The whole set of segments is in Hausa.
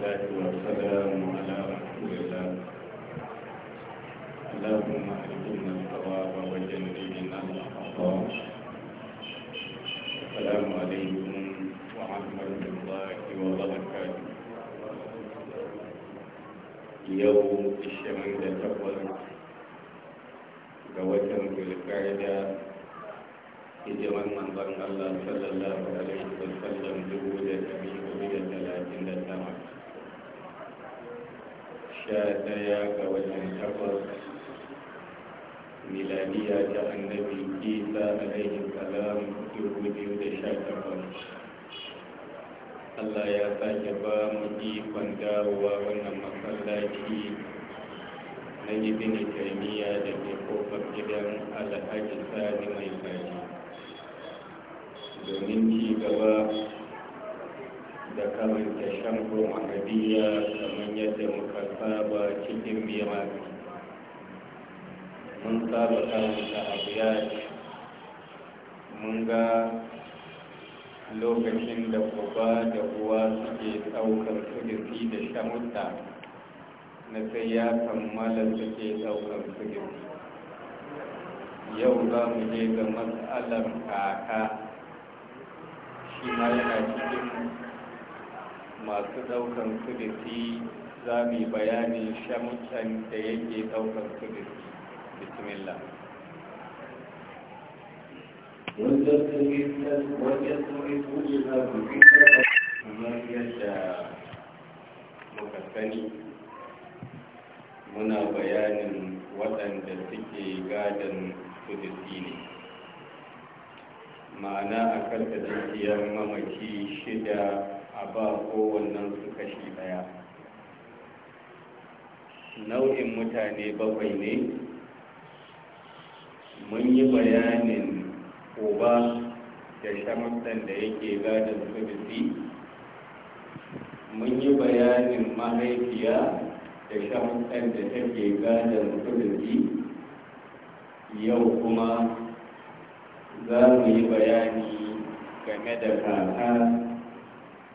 والصلاة والسلام على رسول الله اللهم أهدنا الصواب وجنبنا الأخطاء السلام عليكم ورحمة الله وبركاته يوم الشمال الأول ga watan zulkaida hijiran manzon Allah sallallahu miladiya ta annabi isa alaihi salam dubu da sha allah ya sake ba mu ikon dawowa wannan masallaci na ibn taymiya da ke kofar gidan alhaji sani mai kaji domin ci gaba da karanta shambo mahadiya kamar yadda muka saba cikin mirasi mun saba ya abiyar mun ga lokacin da uba da uwa suke ɗaukar sudufi da shamuta na sai ya kammala suke ɗaukar sudufi yau za mu je ga matsalar kaka shi ma yana cikin masu ɗaukar sudufi za mu yi bayanin shamutan da yake ɗaukar sudufi بسم الله muna bayanin waɗanda suke gadon kudisi ne ma'ana a karka dukiyar mamaki shida a ba kowannen su kashi ɗaya nau'in mutane bakwai ne mun yi bayanin uba da shamsan da yake gadon sabisi mun yi bayanin mahaifiya da shamsan da take gadon sabisi yau kuma za mu yi bayani game da kaka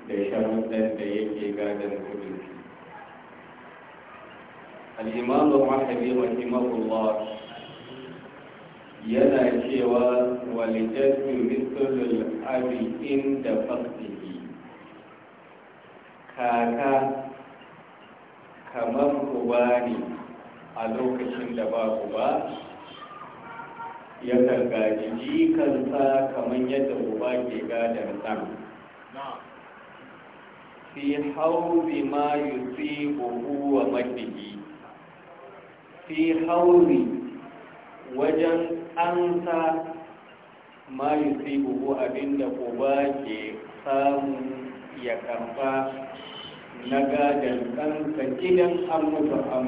da shamsan da yake gadon sulusi الإمام الرحبي رحمه الله yana cewa walitattu mitulul abi inda faktihi kaka kamar uba ne a lokacin da ba uba ya gargaji kansa kamar yadda uba ke gadar san fi hauzi ma yusi buhu wa madigi fi hauzi wajen an sa ma yusibuhu abinda ba ke samu ya karba na gadon kansa idan an mutu an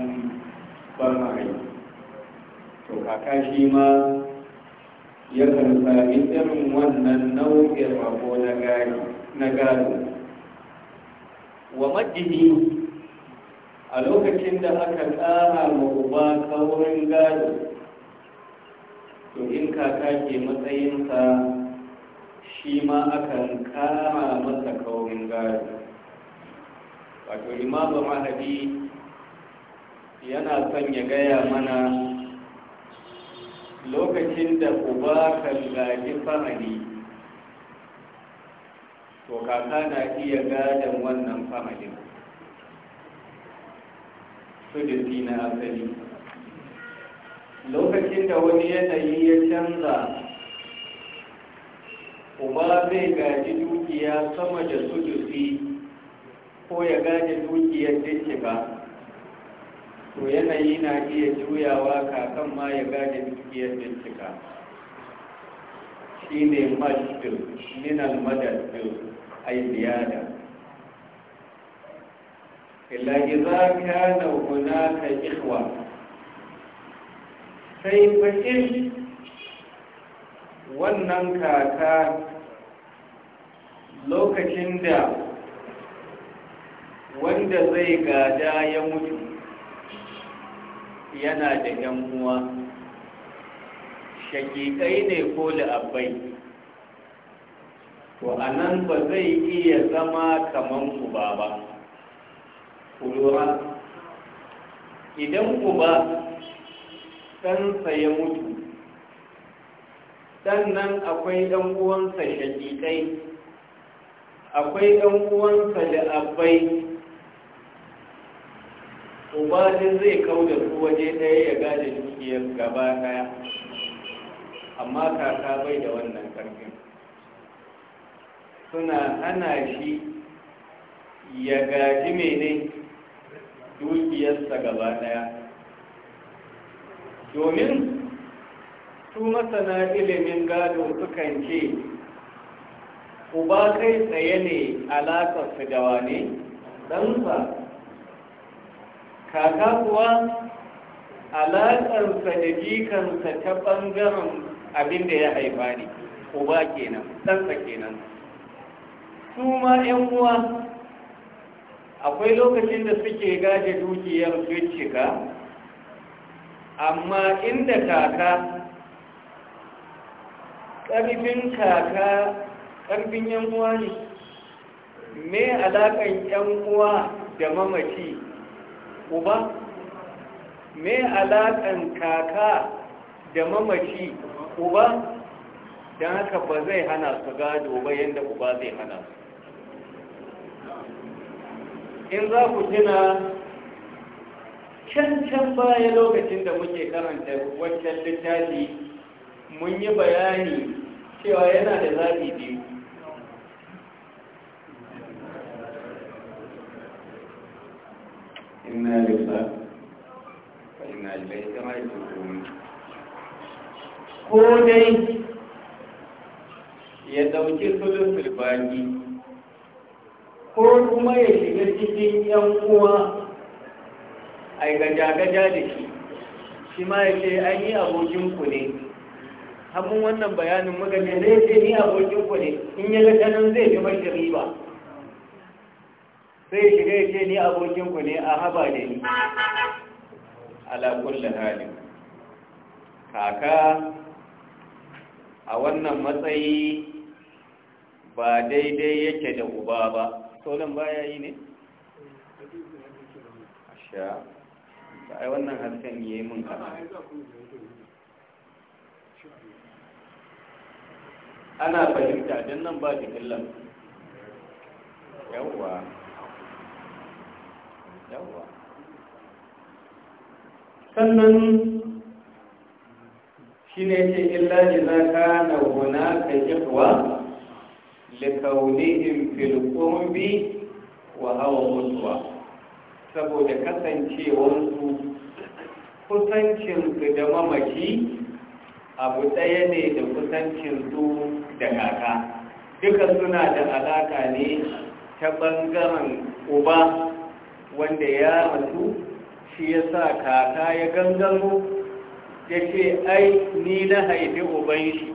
bamarai to haka shi ma yakan sami irin wannan nau'in rabo na gado wa majini a lokacin da aka tsara ma uba kaurin gado to in kaka ke matsayinsa shi ma akan kama masa kaurin gari wato imamu mahadi yana son ya gaya mana lokacin da uba kan gaji famali to kaka na iya gadon wannan famalin su na asali lokacin da wani yanayi ya canza uba zai gaji dukiya sama da sudusi ko ya gaji dukiyar dinki ba to yanayi na iya juyawa kakan ma ya gaji dukiyar dincika shi ne masjid minal madadin ai ziyada illa iza kana hunaka ikwa. sai bakin wannan kaka lokacin da wanda zai gada ya mutu yana da yan uwa shakikai ne ko abai to a nan ba zai iya zama kaman uba ba kulura idan ku ba. ɗansa ya mutu sannan akwai ɗan uwansa shaƙiƙai akwai ɗan uwansa da abai ubadin zai kau da su waje ɗaya ya gada dukiyar gaba ɗaya amma kaka bai da wannan ƙarfin suna hana shi ya gaji mene dukiyarsa gaba ɗaya domin su masana ilimin gado sukan ce uba kai tsaye ne su da wane ba kaka kuwa alaƙarsa da jikansa ta ɓangaren abin da ya haifa ne uba kenan ɗansa kenan su ma 'yan uwa akwai lokacin da suke gaje dukiyar zuciya amma inda kaka ƙarfin kaka ƙarfin yan uwa ne me alaƙan yankuwa uwa da mamaci uba me alaƙan kaka da mamaci uba don haka ba zai hana su gado ba yadda uba zai hana su in za ku tuna can can baya lokacin da muke karanta wancan littafi mun yi bayani cewa yana da zaɓi biyu inna lillahi wa inna ilaihi raji'un ko dai ya dauki sulusul baki ko kuma ya shiga cikin yan uwa ai yi gaja-gaja da shi shi ma ya ce an yi abokinku ne hannun wannan bayanin magani zai ce ni abokinku ne in ya ga nan zai fi mashi riba sai shiga ya ce ni abokinku ne a haba da ni alakullin Hali. kaka a wannan matsayi ba daidai yake da uba ba sauran baya yi ne? sha ai wannan hasken ya yi mun kasa ana fahimta don nan ba jikin yawwa yawwa sannan shi ne ce illa iza kana hunaka ihwa likaunihim fil qumbi wa hawa mutwa saboda kasancewarsu kusancinsu da mamaki, abu ɗaya ne da kusancin su da kaka duka suna da alaka ne ta ɓangaren uba wanda ya rasu shi ya sa kaka ya gangaro ya ce ai ni na haifi uban shi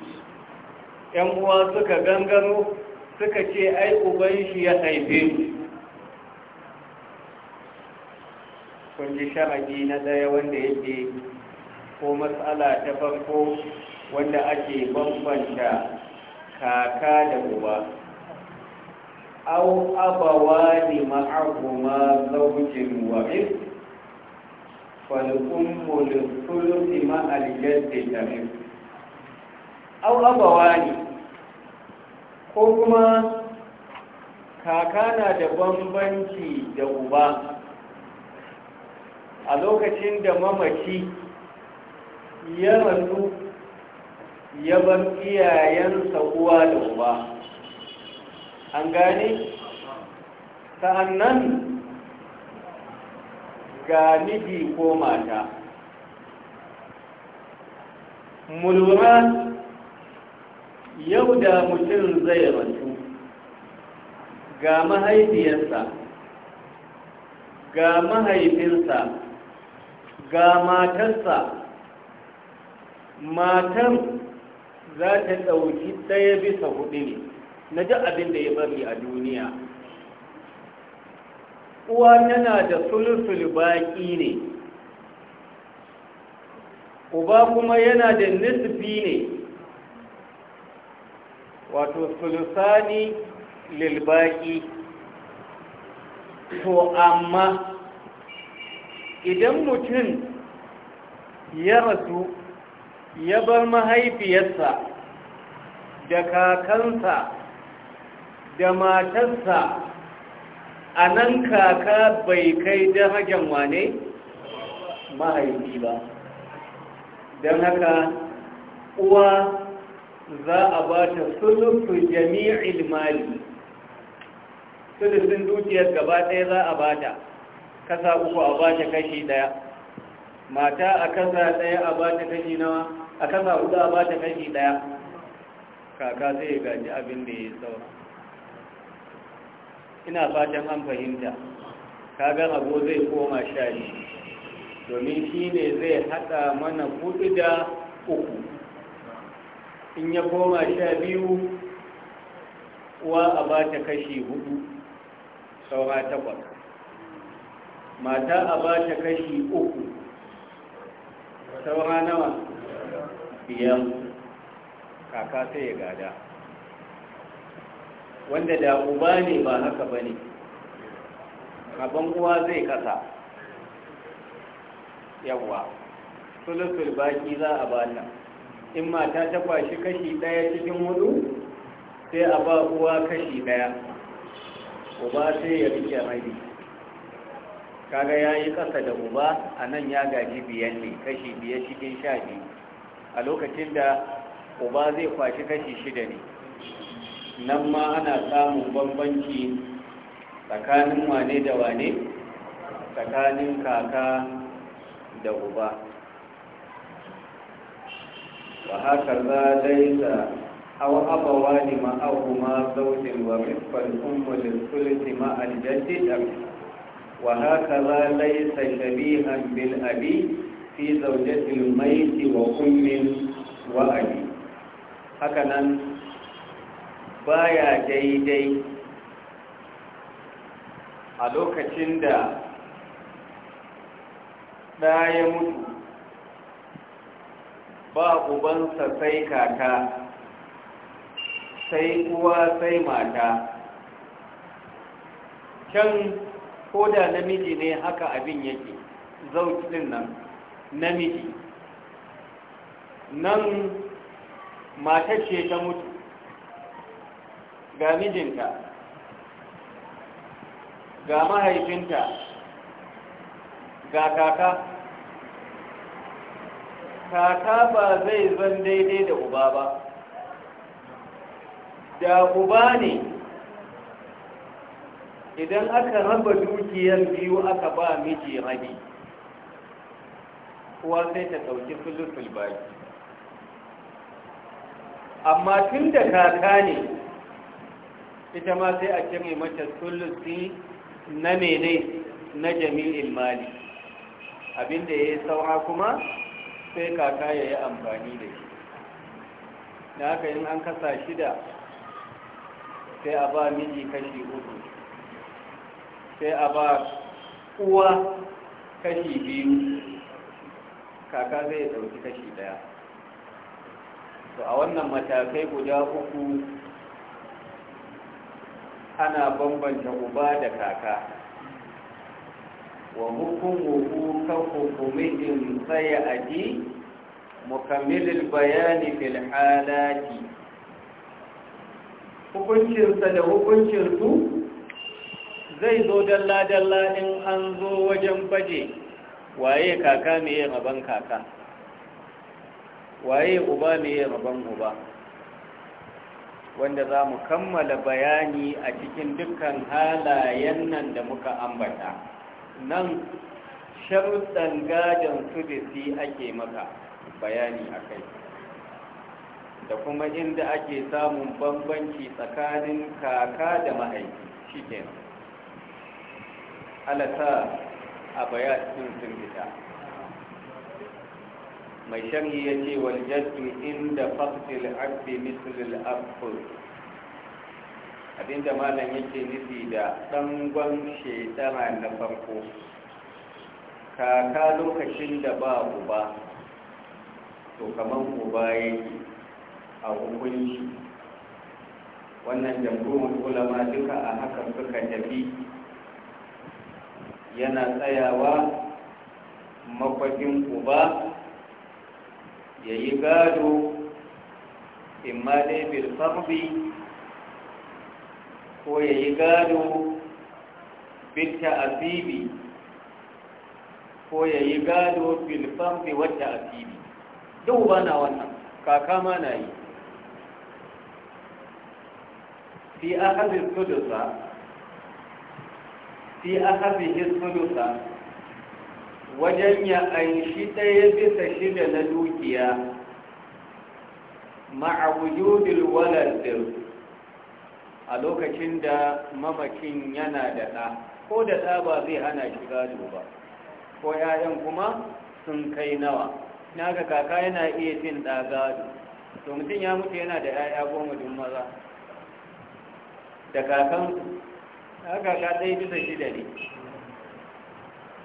‘yan uwa suka gangaro suka ce ai uban shi ya haife ni kun ji sha'adi na daya wanda yake ko matsala ta farko wanda ake bambanta kaka da uba au abawa ne ma'ahuma zaujin wa'if falkunmu da sulusi ma'aliyar da jamif au abawa ne ko kuma kaka na da bambanci da uba a lokacin da mamaci ya rasu ya bar iyayensa uwa da uba an gane sa'annan ga miji ko mata mulura yau da mutum zai rasu ga mahaifiyarsa ga mahaifinsa ga matansa matan za ta ɗauki ɗaya bisa hudu ne na ji abin da ya bari a duniya uwa tana da sulusul baƙi ne uba kuma yana da nisfi ne wato sulusani lilbaƙi to amma idan mutum ya rasu ya bar mahaifiyarsa da kakansa da matarsa a nan kaka bai kai darajan wane mahaifi ba don haka uwa za a ba ta sulusu jami'il mali sulufin dukiyar gaba ɗaya za a ba ta kasa uku a ba ta kashi daya mata a kasa daya a ba ta kashi nawa a kasa hudu a ba ta kashi daya kaka sai ya gaji abin da ya saura ina fatan an fahimta kagan abu zai koma sha domin shi ne zai hada mana kudu da uku in ya koma sha biyu uwa a ba ta kashi hudu saura takwas mata a ba ta kashi uku saura nawa biyan kaka sai ya gada wanda da uba ne ba haka ba ne rabon uwa zai kasa Yawwa sulusul baki za a ba ta in mata ta kwashi kashi daya cikin hudu sai a ba uwa kashi daya uba sai ya rike rabi kaga ya yi ƙasa da uba a nan ya gaji biyan ne kashi biyar cikin sha biyu a lokacin da uba zai kwashi kashi shida ne nan ma ana samun bambanci tsakanin wane da wane tsakanin kaka da uba wa haka za laisa aw abawani ma aw huma zawjin wa mithqal ummi lil thuluthi ma وهكذا ليس شبيها بالأبي في زوجة wa'adi? وأم وأبي هكذا بايا جيدي a lokacin da ɗa ya mutu ba ubansa sai kaka sai kuwa sai mata can ko da namiji ne haka abin yake zauki din nan namiji nan mata ce ta mutu ga mijinta ga mahaifinta ga kaka kaka ba zai zan daidai da uba ba da uba ne idan aka raba dukiyar biyu aka ba miji rabi kuwa sai ta ɗauki sulusul baki amma tun da kaka ne ita ma sai a ce mai mace sulusi na mene na jami'in mali abinda ya yi saura kuma sai kaka ya yi amfani da shi da haka yin an kasa shida sai a ba miji kashi uku sai a ba uwa kashi biyu kaka zai dauki kashi daya to a wannan matakai guda uku ana bambanta uba da kaka wa hukumuhu kan hukumin tsaye aji mukammilil bayani fil halaki hukuncinsa da hukuncinsu zai zo dalla-dalla in an zo wajen baje waye kaka mai yin rabon kaka waye uba mai yin rabon uba wanda za mu kammala bayani a cikin dukkan halayen nan da muka ambata nan sharuɗan gadon si ake maka bayani a kai da kuma inda ake samun bambanci tsakanin kaka da mahaifi shi kenan alasa a bayatin sun fita mai sharhi ya ce Wani inda fasil abdi mislul abd abinda malam yake nufi da dangon shekara na farko kaka lokacin da ba uba to kamar uba yi a hukunci wannan jamhurin ulama duka a hakan suka tafi yana tsayawa makwafin uba ya yi gado in ma daibir bilfarbi ko ya yi gado a asibi ko ya yi gado bilfarbi wata asibi duk ba na wannan kaka ma na yi fi da sa. fi ahabihi sulusa wajen ya anshi ɗaya bisa shida na dukiya ma'a da waladin a lokacin da mamakin yana da ɗa ko da ɗa ba zai hana shi gado ba ko ‘ya'yan kuma sun kai nawa na ga kaka yana iya cin ɗa gado to mutum ya mutu yana da ‘ya'ya goma dun maza da kakansu haka ka ɗaya bisa shi da ne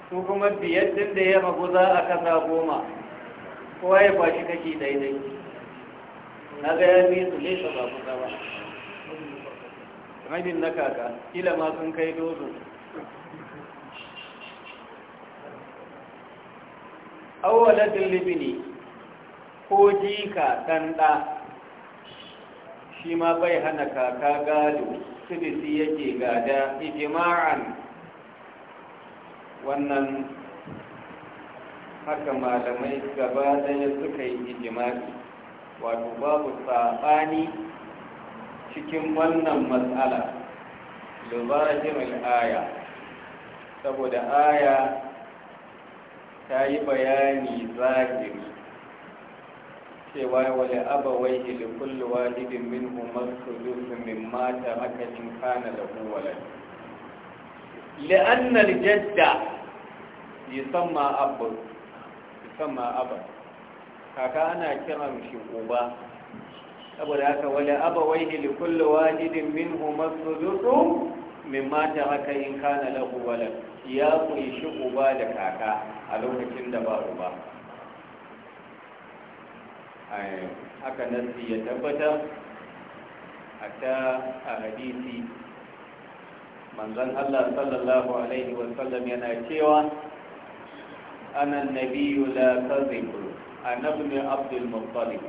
su kuma biyar din da ya ragu za a kasa goma kowa ya kwashi kashi daidai na ga ya fi su nesa ba kusa ba rabin na kaka kila ma sun kai dozo awwala libini ko jika ɗanɗa shi ma bai hana kaka gado sudisi yake gada ijima'an wannan haka malamai gaba daya suka yi ijima'i wato babu saɓani cikin wannan matsala lubarajin aya saboda aya ta yi bayani zahiri cewa wale abawai hilin kullu wahidin min umar sulusu min mata maka in kana da walad li'annal jadda yusamma abba yusamma abba kaka ana kiran shi uba saboda haka wale abawai hilin kullu wahidin min umar sulusu min mata maka in kana lahu walad ya kunshi uba da kaka a lokacin da ba uba haka nasi ya tabbata a ta a hadisi manzan Allah sallallahu Alaihi wasallam yana cewa anan nabiyu la kazibu A nabi abdul muttalib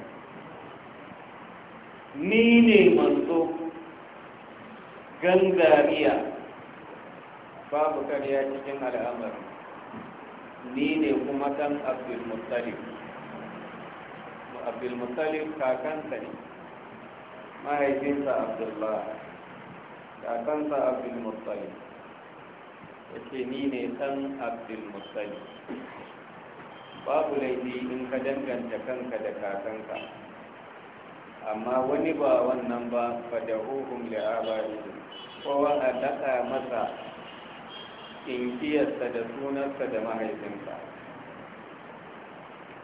ni ne manzo gangariya babu karya cikin al'amari ni ne kuma kan abdul muttalib abdulmutalib kakansa ne mahaifinsa abdullah kakansa abdulmutalib ya ce ni ne san abdulmutalib babu laifi in ka danganta kanka da kakanka amma wani ba wannan ba fadahuhum li'abari kowa a daɗa masa inkiyarsa da sunarsa da mahaifinsa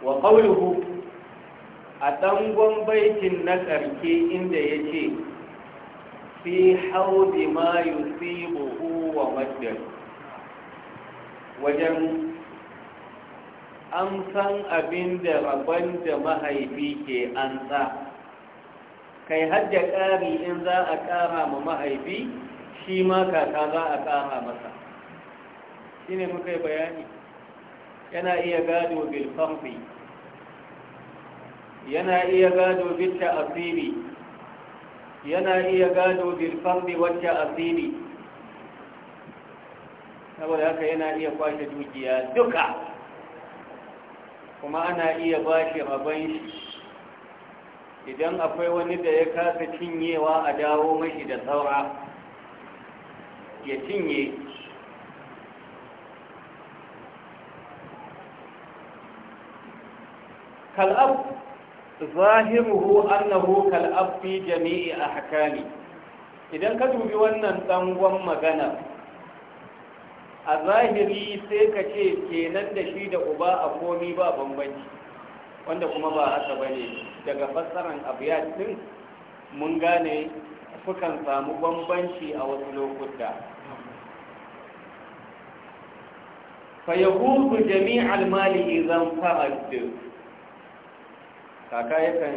wa qawluhu a ɗangon baitin na ƙarke inda ya ce fi haudi ma buhu wa madar wajen an san abin da rabon da mahaifi ke an sa kai hajja ƙari in za a ƙara ma mahaifi shi ma kaka za a ƙara masa shi ne muka bayani yana iya gado bilfamfi yana iya gado bitta asiri. yana iya gado bil fardi wa asiri saboda haka yana iya kwashe dukiya duka kuma ana iya bashi rabon shi idan akwai wani da ya kasa cinyewa a dawo mashi da saura ya cinye kal'ab zahiruhu annahu kal afi jami'i ne, idan ka dubi wannan tsangon magana a zahiri sai ka ce kenan da shi da uba a komi ba bambanci wanda kuma ba haka bane daga fassarar abiyat din mun gane sukan samu bambanci a wasu lokuta فيغوض jami'al mali idan انفرد kaka yakan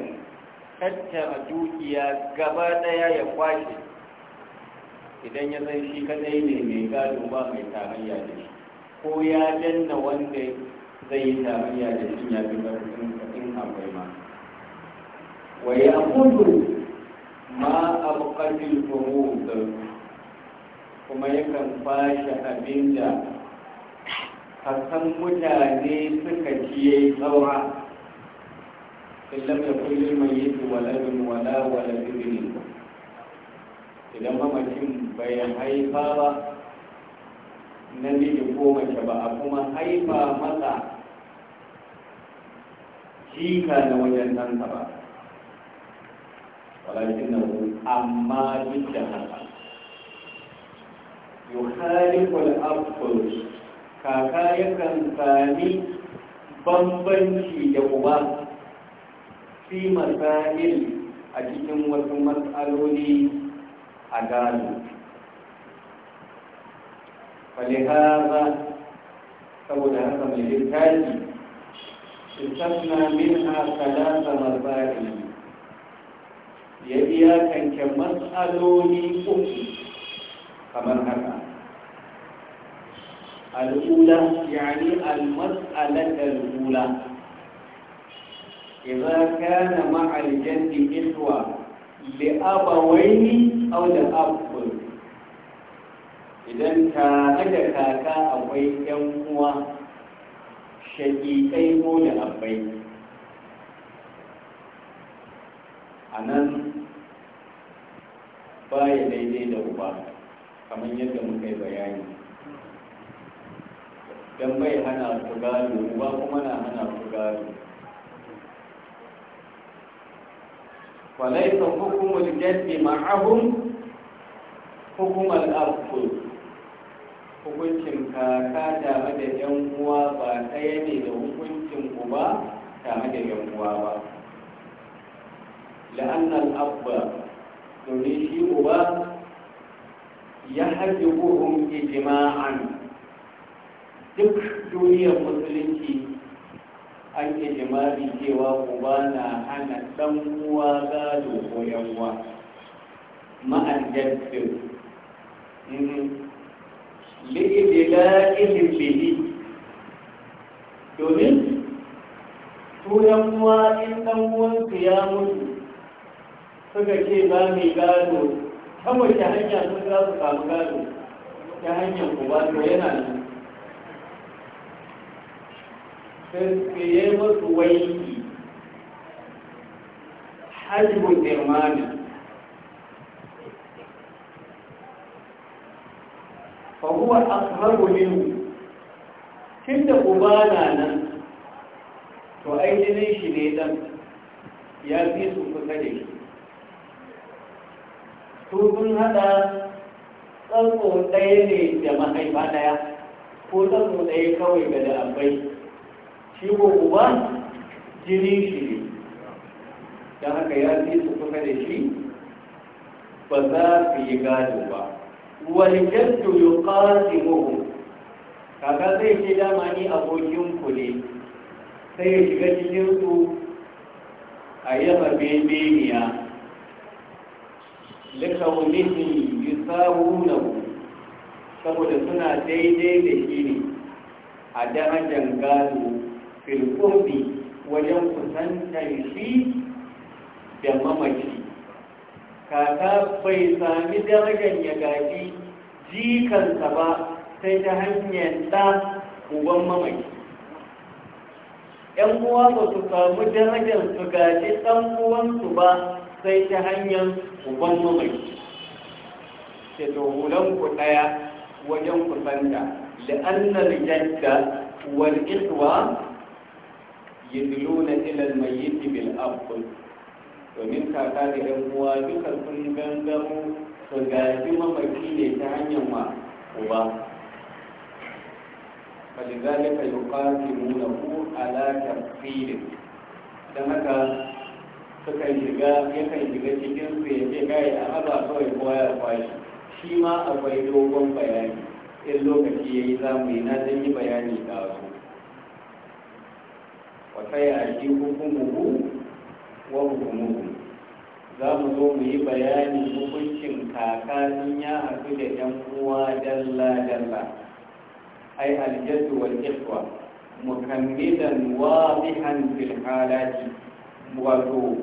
tattara dukiya gaba daya ya kwashe idan ya zai shi kadai ne mai gado ba mai tarayya da shi ko ya danna wanda zai yi tarayya da shi ya fi karfin in akwai ma wa ya kudu ma alƙalil kumud kuma yakan kwashe abin da kasan mutane suka ciye tsawa in lam yakun lil mayyit waladun wala walad ibn idan mamacin bai haifa ba namiji ko mace ba a kuma haifa masa jika na wajen ɗansa ba walakin na amma duk da haka yukhaliful abdul kaka yakan sami bambanci da uba fi masail a cikin wasu matsaloli a gano falihaza saboda haka mai littafi tafna min a talata masail ya kanke matsaloli uku kamar haka al'ula yani al-mas'alata al'ula إذا كان مع الجد إخوة لأبوين أو لأب idan tare da kaka akwai ‘yan uwa shaƙiƙai ko da abai a nan baya daidai da uba kamar yadda muka yi bayani don bai hana su uba kuma na hana su وليس حكم الجد معهم حكم الأرض hukuncin kaka tare da yan uwa ba ɗaya ne da hukuncin uba tare da yan uwa ba la'annan abba domin shi uba ya haɗe buhun ijima'an duk duniyar musulunci an jima'i cewa uba na hana ɗan uwa gado ko yawa ma'an da ilin ililihi domin tuyan uwa in ɗan uwansu ya mutu suka ce ba mai gado ta hanyar hanya sun za su samu gado ta hanyar uba to yana nan sai masu waiki hajjun irmani fahuwa asmaru minu tun da uba na nan to ainihin shi ne dan ya fi su kusa da shi su sun hada tsarko ɗaya ne da mahaifa daya ko tsarko ɗaya kawai ga da abai shi ko uba jini shi ne don haka ya fi su kusa da shi ba za su yi gado ba wani jaddu yi ƙasi mugu. kaka zai ce dama ni abokin ku ne sai ya shiga cikin su a yaba bebeniya yi sa saboda suna daidai da shi ne a darajar gado filkurbi wajen kusantar shi da mamaci kaka bai sami darajar ya gaji jikansa ba sai ta hanyar ɗa uban mamaci ‘yan uwa ba su samu darajar su gaji ɗan uwansu ba sai ta hanyar uban mamaci ke dogulan ku ɗaya wajen kusanta la'annar jadda wal ikwa yadluna ila al-mayyit bil afl domin kaka da yan uwa duka sun gangamo su gaji mamaki ne ta hanyar ma uba فلذلك يقاتلونه على تفصيل dan haka sukan shiga yakan shiga cikin su ya ce kai a haza kawai kowa ya kwashi shi ma akwai dogon bayani in lokaci ya yi za mu yi na zan yi bayani da wasu fayaji hukumuhu wa hukumuhu za mu zo mu yi bayanin hukuncin kakanin ya haɗu da ‘yan uwa dalla-dalla ai aljaddu wal ikhwa mukammilan wadihan fil halati wato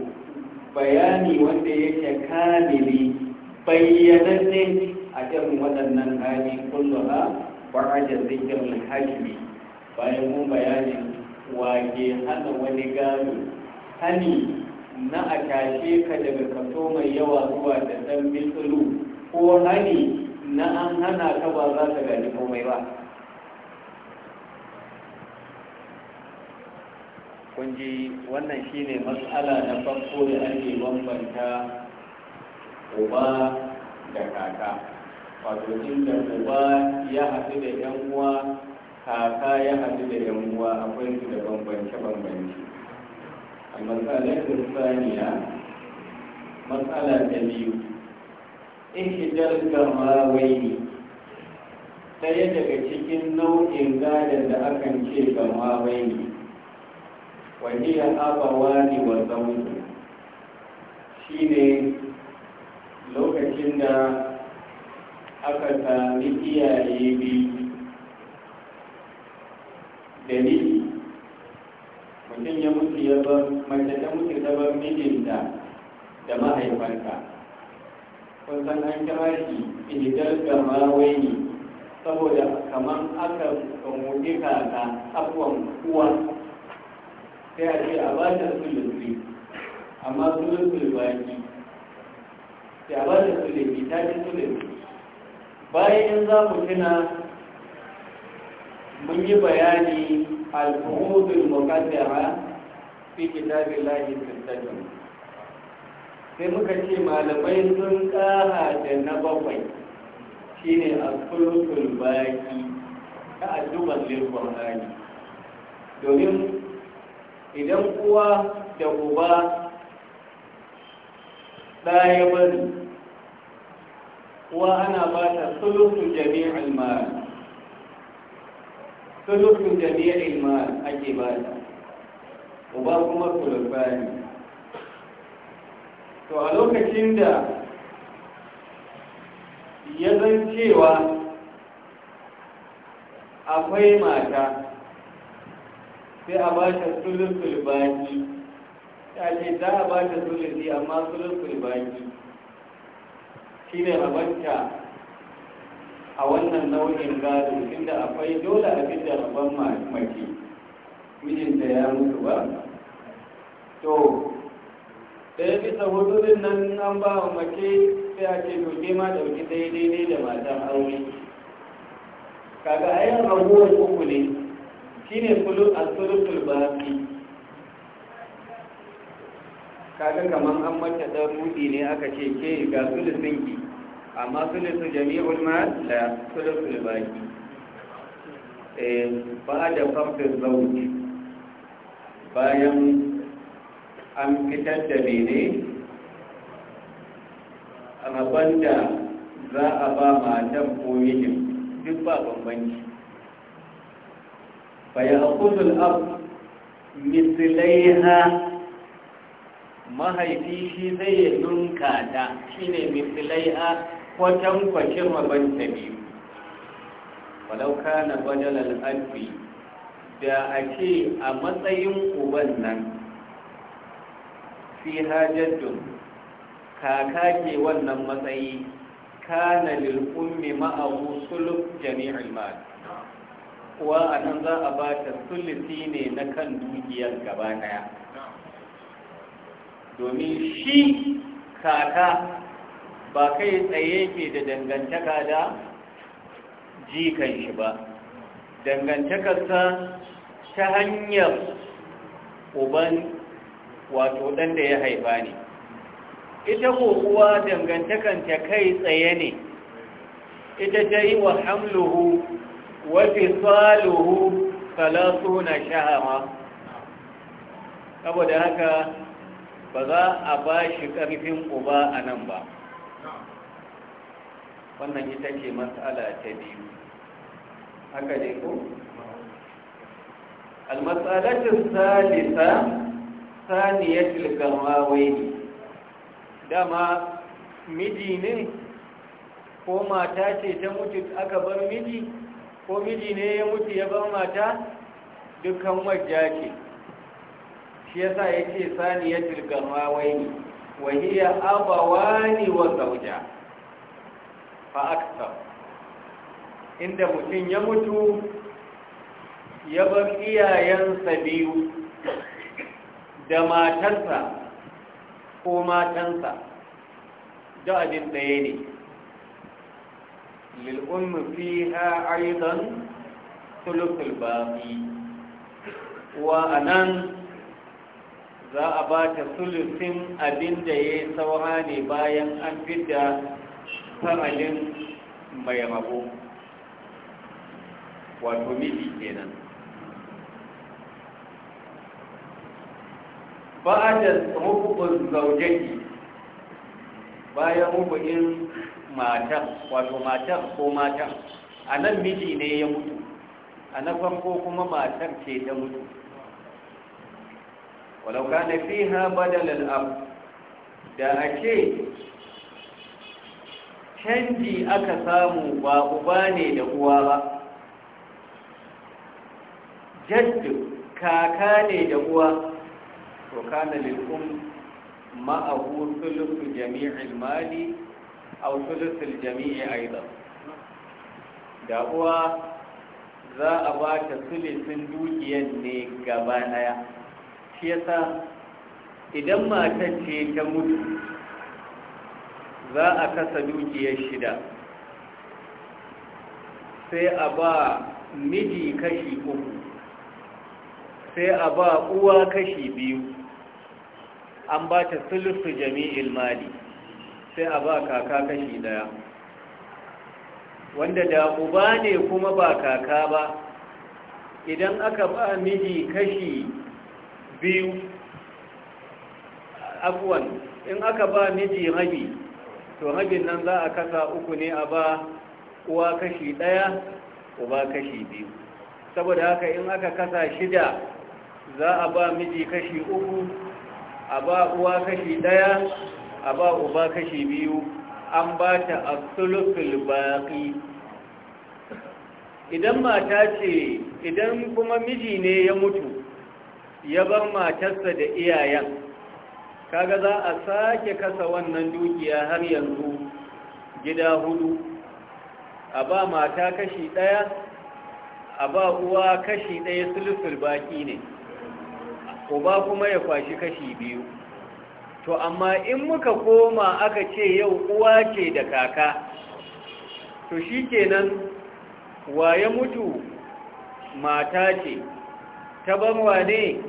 bayani wanda yake kamili bayyananne a kan waɗannan hali kullu ha ba'ada zikr al-hajmi bayan mun bayanin wage hana wani gano hani na a tashe ka daga kaso mai yawa zuwa da ɗan mitsulu ko hani na an hana ka ba za ka gani komai ba kun wannan shine matsala na farko da ake bambanta uba da kaka wato inda uba ya haɗu da 'yan uwa kaka ya haɗu da yan uwa akwai su da bambance bambance a matsalar saniya matsala ta biyu ihdar waini ɗaya daga cikin nau'in gadon da akan ce gamawai ne ya abawa ne wa zaune shi ne lokacin da aka sami iyaye biyu dalili mutum ya mutu ya bar mace ta mutu ta bar mijinta da mahaifanta kun san an kira shi ihidar gamawai ne saboda kamar aka kamuɗe kaka abuwan uwa sai a ce a ba ta sulusi amma sulusi baki sai a ba ta sulusi ta ci sulusi bayan za mu tuna mun yi bayani al-fuhudul muqaddara fi kitabillahi tattajin sai muka ce malamai sun kara da na bakwai shine al-fulkul baki ta addu'ar lil-qur'ani domin idan kuwa da uba ɗaya bari kuwa ana ba ta sulusu jami'al mara. sulusu jami'in ilma ake ba ta uba kuma sulubani to a lokacin da ya zan cewa akwai mata sai a ba ta tulun baki ya ce za a ba ta tulun amma tulun baki shi ne rabanta a wannan nau'in gado inda akwai dole a fi da mace mijinta ya mutu ba to ɗaya bisa hudurin nan an ba wa mace sai a ce doke ma ɗauki daidai ne da matan aure kaga yin raguwar uku ne shine kulu ba baki kaga kamar an mace ɗan rudi ne aka ce ke ga sulusinki amma sulusu jami'ul mal da sulusul baki eh, ba da fafin zauki bayan an fitar da bene a da za a ba matan ko mijin duk ba bambanci bayan akusul ab misilaiha mahaifi shi zai nunka ta shine misilaiha kwatankwacin mabanta biyu walau na wajen al'adbi da a ce a matsayin uban nan fi hajjaddun kaka ke wannan matsayi Ka kana lil'ummi ma'ahu sulub jami'il mal kuwa a nan za a ba ta sulisi ne na kan dukiyar gaba daya domin shi kaka ba kai tsaye ke da dangantaka da jikan shi ba dangantakarsa ta hanyar uban wato ɗan da ya haifa ne ita ko dangantakanta kai tsaye ne ita ta yi wa hamluhu wa fisaluhu na shahara saboda haka ba za a ba shi ƙarfin uba a nan ba wannan ita ce matsala ta biyu haka ne ko Salisa المسألة الثالثة ثانية ne Dama miji ne ko mata ce ta mutu aka bar miji ko miji ne ya mutu ya bar mata dukkan wajja ce shi yasa yake ne wahiyar abawa ne wa zauja? fa inda mutum ya mutu ya bar iyayensa biyu da matansa ko matansa da abin ɗaya ne lil'ummi fiha aizan sulusul baƙi wa anan za a ba ta sulusin abin da ya yi saura ne bayan an fidda faralin mai rabo wato miji kenan ba da rukun zaujaki bayan rukunin matar wato matar ko matar a nan miji ne ya mutu a na farko kuma matar ce ta mutu walau kana fiha badal al-ab da ake canji aka samu ba uba ne da uwa ba jaddu kaka ne da uwa to kana lil'um ma'ahu sulusu jami'il mali aw sulusul jami'i aida da uwa za a ba ta sulisin dukiyar ne gaba daya shi yasa idan matar ce ta mutu za a kasa dukiyar shida sai a ba miji kashi uku sai a ba uwa kashi biyu an ba ta sulusu jami'il mali sai a ba kaka kashi daya wanda da uba ne kuma ba kaka ba idan aka ba miji kashi biyu afuwan in aka ba miji rabi to rabin nan za a kasa uku ne a ba uwa kashi ɗaya uba kashi biyu saboda haka in aka kasa shida za a ba miji kashi uku a ba uwa kashi ɗaya a ba uba kashi biyu an ba ta a sulusul baƙi idan mata ce idan kuma miji ne ya mutu ya bar matarsa da iyayen kaga za a sake kasa wannan dukiya har yanzu gida hudu a ba mata kashi daya a ba uwa kashi ɗaya sulfur baki ne uba kuma ya kwashi kashi biyu to amma in muka koma aka ce yau uwa ce da kaka to shi kenan ya mutu mata ce ta bar wane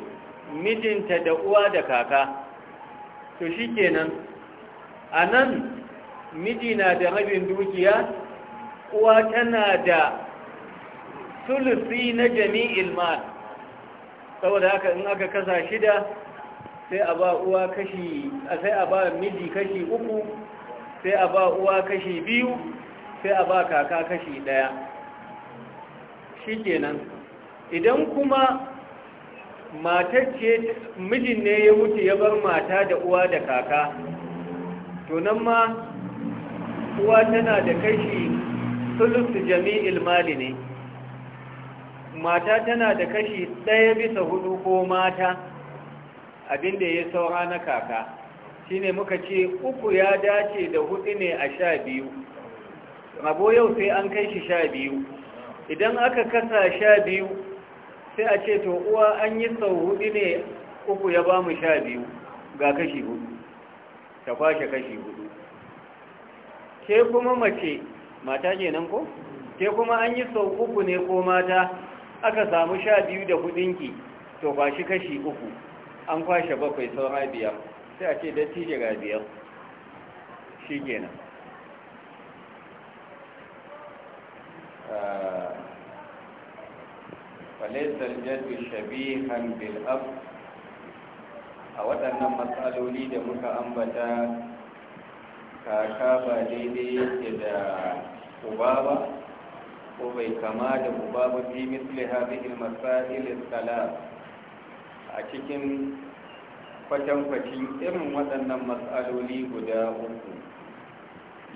mijinta da uwa da kaka to shi kenan a nan miji na da rabin dukiya uwa tana da sulusi na jami'il mal saboda haka in aka kasa shida sai a ba uwa kashi sai a ba miji kashi uku sai a ba uwa kashi biyu sai a ba kaka kashi daya shi kenan idan kuma matacce mijin ne ya mutu ya bar mata da uwa da kaka to nan ma uwa tana da kashi sulusu jami'il mali ne mata tana da kashi ɗaya bisa hudu ko mata abinda ya saura na kaka shine muka ce uku ya dace da hudu ne a sha biyu rabo yau sai an kai shi sha biyu idan aka kasa sha biyu sai a ce to uwa an yi sau hudu ne uku ya ba mu sha biyu ga kashi hudu ta kwashe kashi hudu ke kuma mace mata kenan ko ke kuma an yi sau uku ne ko mata aka samu sha biyu da hudunki to kwashi kashi uku an kwashe bakwai saura biyar sai a ce dattije ga biyar shi nan ah, فليس الجد شبيها بالاب اودنا مسالولي da muka ambata kaka ba daidai ke da uba ko bai kama da uba ba fi misli hadhihi a cikin kwatan irin waɗannan mas'aloli guda uku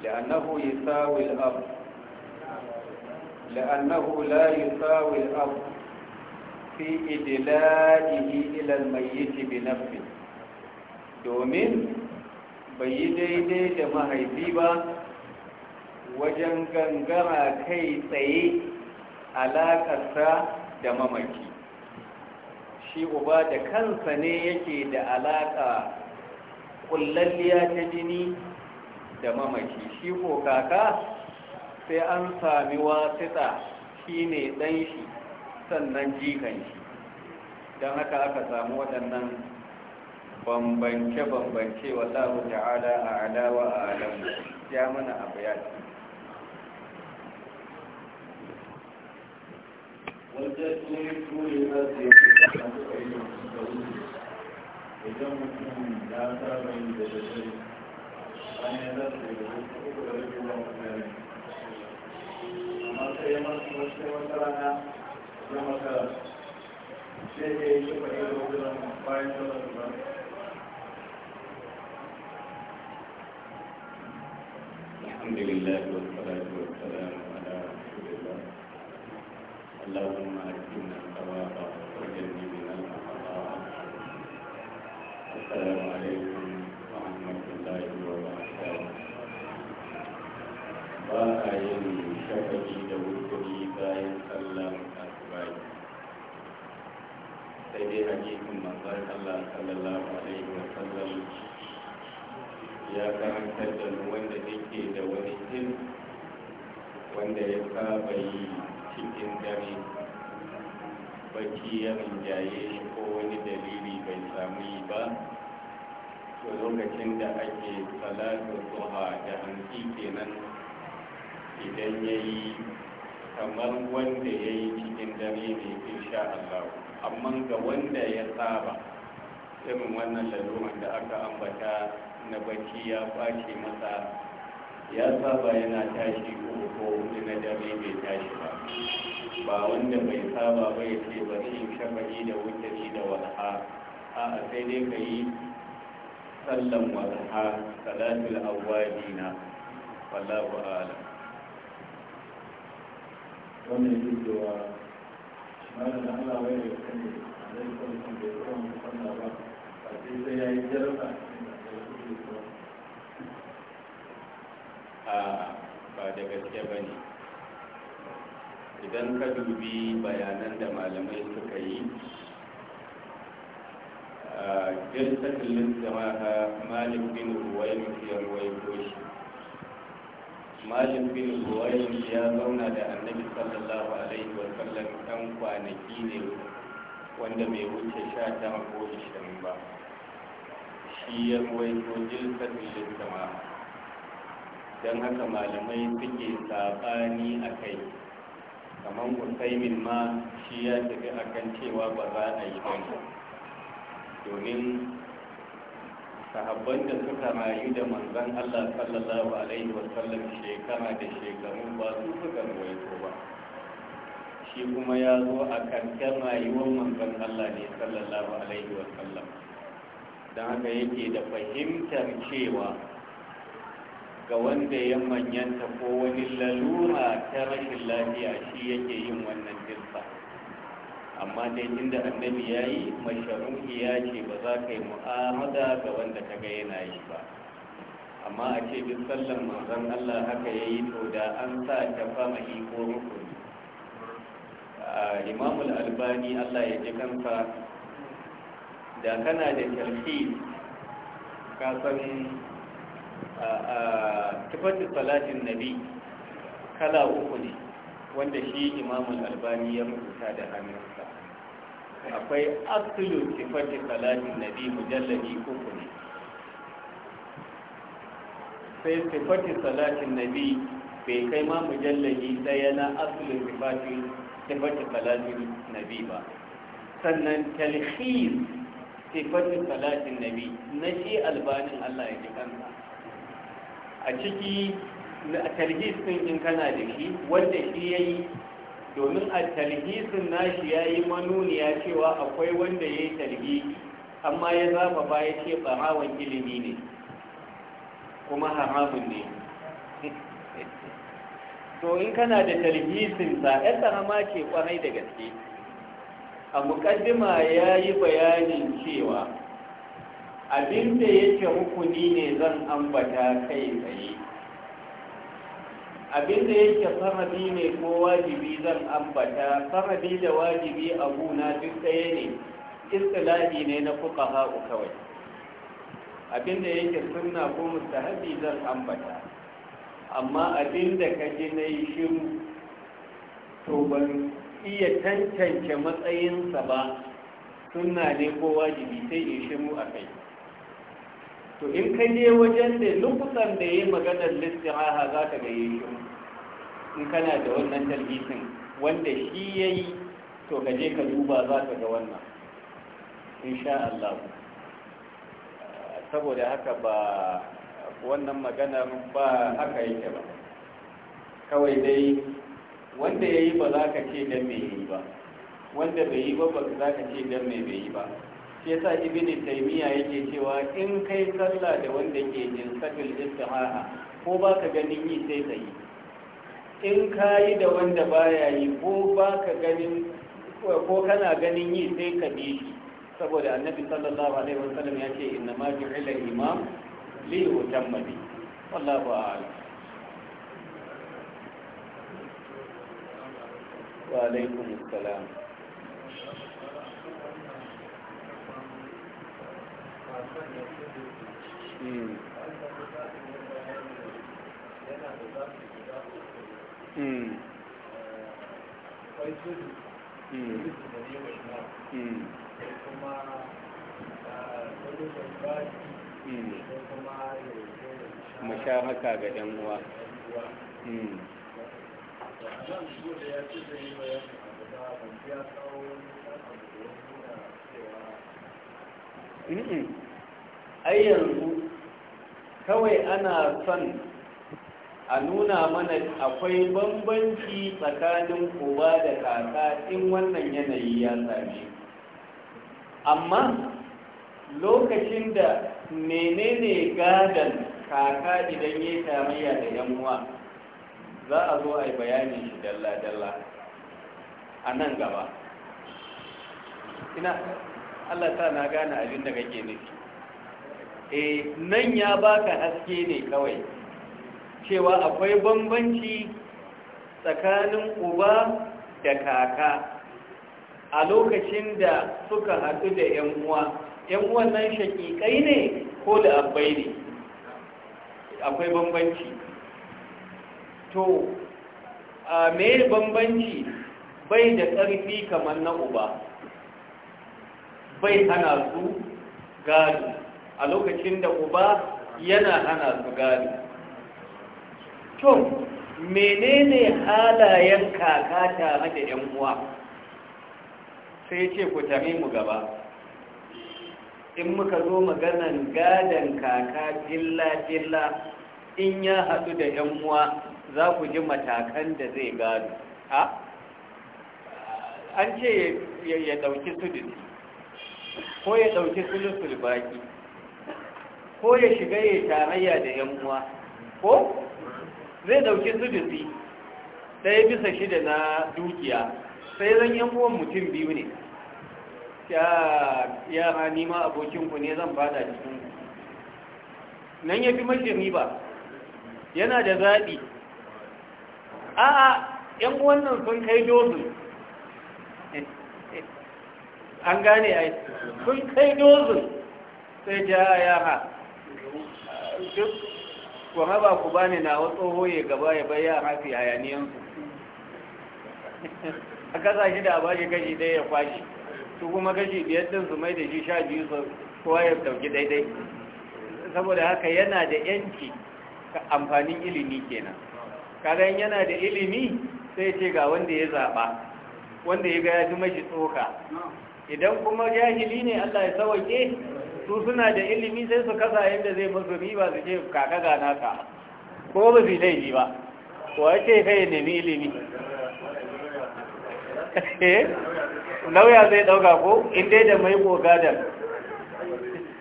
la'annahu yasawi fi idla'ihi ila almayyit bi nafsi domin bai yi daidai da mahaifi ba wajen gangara kai tsaye alaƙarsa da mamaki shi uba da kansa ne yake da alaƙa ƙullalliya ta jini da mamaki shi ko kaka sai an sami wasita shi ne ɗan shi sannan jikan shi don haka aka samu waɗannan bambance-bambance wa wallahu ta'ala a adawa a Adamu, ya mana abu ya ce idan mutum ya saba yi da dare bayan ya zafi da wasu uku da rikin da mutane amma sai ya masu wasu wata rana don haka sai ya yi shafa iya lokutan bayan sallar ba الحمد لله والصلاة والسلام على رسول الله اللهم أكرمنا bacci ya rinjaye shi ko wani dalili bai samu yi ba to lokacin da ake salatu zuha da hanki kenan idan ya yi kamar wanda ya yi cikin dare ne insha Allah amma ga wanda ya saba irin wannan laluran da aka ambata na bacci ya kwace masa ya saba yana tashi uku ko wani na dare bai tashi ba ba wanda bai saba ba ya ce ba shi shafari da wutari da walha a a sai dai ka yi sallan walha salatul na, wallahu a'lam wannan yake cewa malam da Allah bai da kan ne a zai kwanta bai kwanta ba a sai sai ya yayi jarfa a ba da gaske ba ne idan ka dubi bayanan da malamai suka yi a jirgin lissamaha malin bin ruwayin ya ruwaito malin bin ruwayin ya zauna da annabi sallallahu alaihi wa sallam ɗan kwanaki ne wanda mai wuce sha ta ko ishirin ba shi ya ruwaito jirgin lissamaha don haka malamai suke saɓani a kai kamar usaimin ma shi ya shiga akan cewa ba za a yi ba domin sahabban da suka rayu da manzan Allah sallallahu alaihi wasallam shekara da shekaru ba su suka ruwaito ba shi kuma ya zo a karshen rayuwar manzan Allah ne sallallahu alaihi wasallam don haka yake da fahimtar cewa ga wanda ya manyanta ko wani lalura ta rashin lafiya shi yake yin wannan jirsa amma dai inda annabi ya yi masharunki ya ce ba za ka yi mu'amada ga wanda ka ga yana yi ba amma a ce bi sallan manzon allah haka ya yi to da an sa ta fama ko A Limamul albani allah ya ji kansa da kana da tarfi ka san tufafi salatin nabi kala uku ne wanda shi imamun albani ya rubuta da hannunsa akwai asulu tufafi salatin nabi mujallabi uku ne sai tufafi salatin nabi bai kai ma mujallabi ɗaya na asulun tufafi tufafi salatin nabi ba sannan talhis sifatin salatin nabi na shi albanin Allah ya ji kansa a ciki talhisin in kana da shi wanda shi ya yi domin a talhisin nashi ya yi manuniya cewa akwai wanda ya yi talhi amma ya zafa ba ya ce ɓarawan ilimi ne kuma haramun ne to in kana da sa, ya tsarama ce kwarai da gaske a mukaddima ya yi bayanin cewa Abinda yake hukuni ne zan ambata kai tsaye abinda yake sanadi ne ko wajibi zan ambata sanadi da wajibi na duk ɗaya ne istilahi ne na fuka ha'u kawai abinda yake suna ko mustahabi zan ambata amma abinda ka ji na yi shiru to ban iya tantance matsayinsa ba suna ne ko wajibi sai in shiru a kai to in ka je wajen da lukusan da ya yi maganar listi'aha za ka gaye shi in kana da wannan talbisin wanda shi ya yi to ka je ka duba za ka ga wannan in sha Allah saboda haka ba wannan maganar ba haka yake ba kawai dai wanda ya yi ba za ka ce don mai yi ba wanda bai yi ba ba za ka ce don mai bai yi ba shi yasa ibini taimiya yake cewa in kai sallah da wanda ke jin sabil istihara ko ba ka ganin yi sai ka yi in ka yi da wanda baya yi ko ka ganin ko kana ganin yi sai ka bi shi saboda annabi sallallahu alaihi wasallam ya ce inna ma ju'ila imam li yutamma wallahu a'lam wa alaikum assalam musharaka mm. ga ɗan uwa Mm-mm. ai yanzu kawai ana son a nuna mana akwai bambanci tsakanin kowa da kaka in wannan yanayi ya same amma lokacin da menene gadon kaka idan ya tamayya da yamuwa za a zo a yi bayanin shi dalla-dalla a nan gaba ina allah na gane abin da kake nufi e nan ya baka haske ne kawai cewa akwai bambanci tsakanin uba da kaka a lokacin da suka haɗu da 'yan uwa 'yan uwan nan shaƙiƙai ne ko da abai ne akwai bambanci to a mai bambanci bai da ƙarfi kamar na uba bai hana su gado a lokacin da uba yana hana su gani to menene halayen kaka tare da yan uwa sai ce ku tare mu gaba in muka zo maganan gadon kaka jilla-jilla in ya haɗu da yan uwa za ku ji matakan da zai gado ha an ce ya ɗauki sudin ko ya ɗauki sulusul baki ko ya shiga ya tarayya da yan uwa ko zai dauki sudusi ɗaya bisa shida na dukiya sai zan yan uwan mutum biyu ne ya ha ma abokinku ne zan bada cikin nan ya fi mashi riba yana da zaɓi a'a yan wannan sun kai dozin an gane ai sun kai dozin sai ja ya ha duk ko haba ku bani na tsoho ya gaba ya bai yara fi hayaniyansu a kasa shi da abashi kashi ɗaya ya kwashi su kuma kashi biyar ɗin su mai da shi sha biyu su kowa ya ɗauki daidai saboda haka yana da yanci amfanin ilimi kenan kaga yana da ilimi sai ce ga wanda ya zaɓa wanda ya ga ya ji mashi tsoka idan kuma jahili ne Allah ya sawake su suna da ilimi sai su kasa yadda zai musu ba su ce kaka ga naka ko ba su laifi ba wa ce kai nemi ilimi eh? lauya zai dauka ko in dai da mai gogadar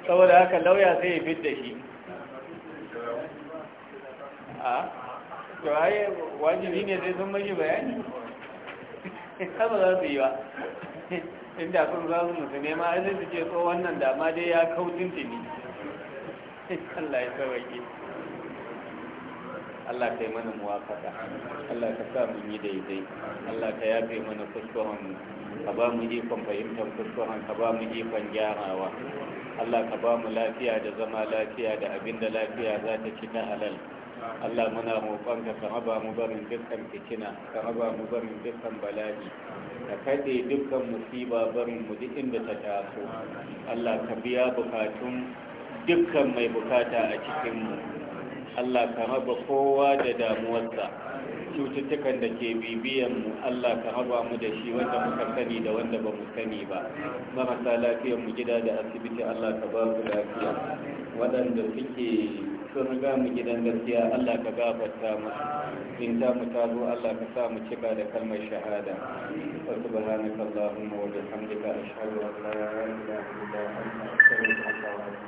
saboda haka lauya sai ya fit da shi a to ai wajibi ne sai sun mashi bayani kama za su yi ba inda sun za su mutu nema ai su suke so wannan dama dai ya kau tuntuni Allah ya sauke Allah ka yi mana muwafaka Allah ka sa mu yi daidai Allah ka yafe mana kuskuren ka ba mu ikon fahimtar kuskuren ka ba mu ikon gyarawa Allah ka ba mu lafiya da zama lafiya da abin da lafiya za ta ci na halal Allah muna roƙon ka raba mu barin dukkan fitina ka raba mu barin dukkan bala'i ka kaɗe dukkan musiba barin mu duk inda ta taso Allah ka biya bukatun dukkan mai bukata a cikinmu Allah ka raba kowa da damuwarsa cututtukan da ke bibiyanmu Allah ka haba mu da shi wanda muka sani da wanda ba mu sani ba marasa lafiyar mu gida da asibiti Allah ka ba su lafiya waɗanda suke sun riga mu gidan gaskiya Allah ka gafarta mu in ta mu ta zo Allah ka sa mu cika da kalmar shahada wa subhanaka allahumma wa bihamdika ashhadu an la ilaha illa anta astaghfiruka wa atubu